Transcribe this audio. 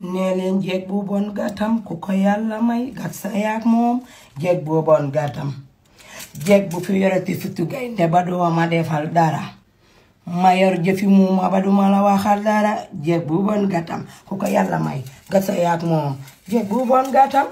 nee leen jeeg bu bon gàttam ku ko yàlla may gàtt sa yaag moom jeeg bu bon gàttam jeeg bu fi yoreti fitu gaynde ba doo ma defal dara ma yor jëfi muuma ba duma la waxal dara jeeg bu bon gàttam ku ko yàlla may gàtt sa yaag moom jeeg bu bon gàttam